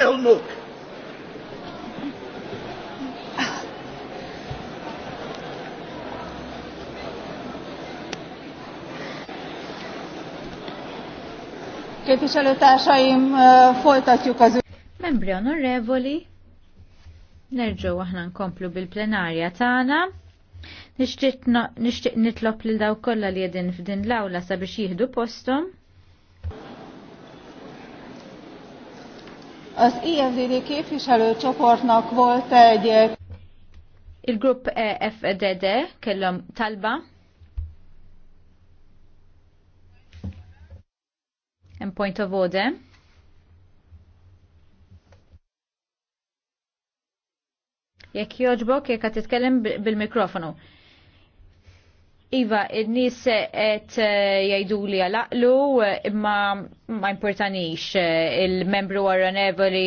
Elmuk. Képviselőtársaim, folytatjuk az Membri onorevoli, nerġu aħna nkomplu bil-plenarja tagħna. Nixtieq nitlob lil daw kollha li jedin f'din l-awla sabiex jieħdu postom. Az IFDD csoportnak volt egy... Il-grupp EFDD kellom talba. En point of order. Jekk joġbok, jekk titkellem bil-mikrofonu. bil mikrofonu Iva, il nis et eh, jajdu li għalaqlu eh, imma ma importanix eh, il-membru nevoli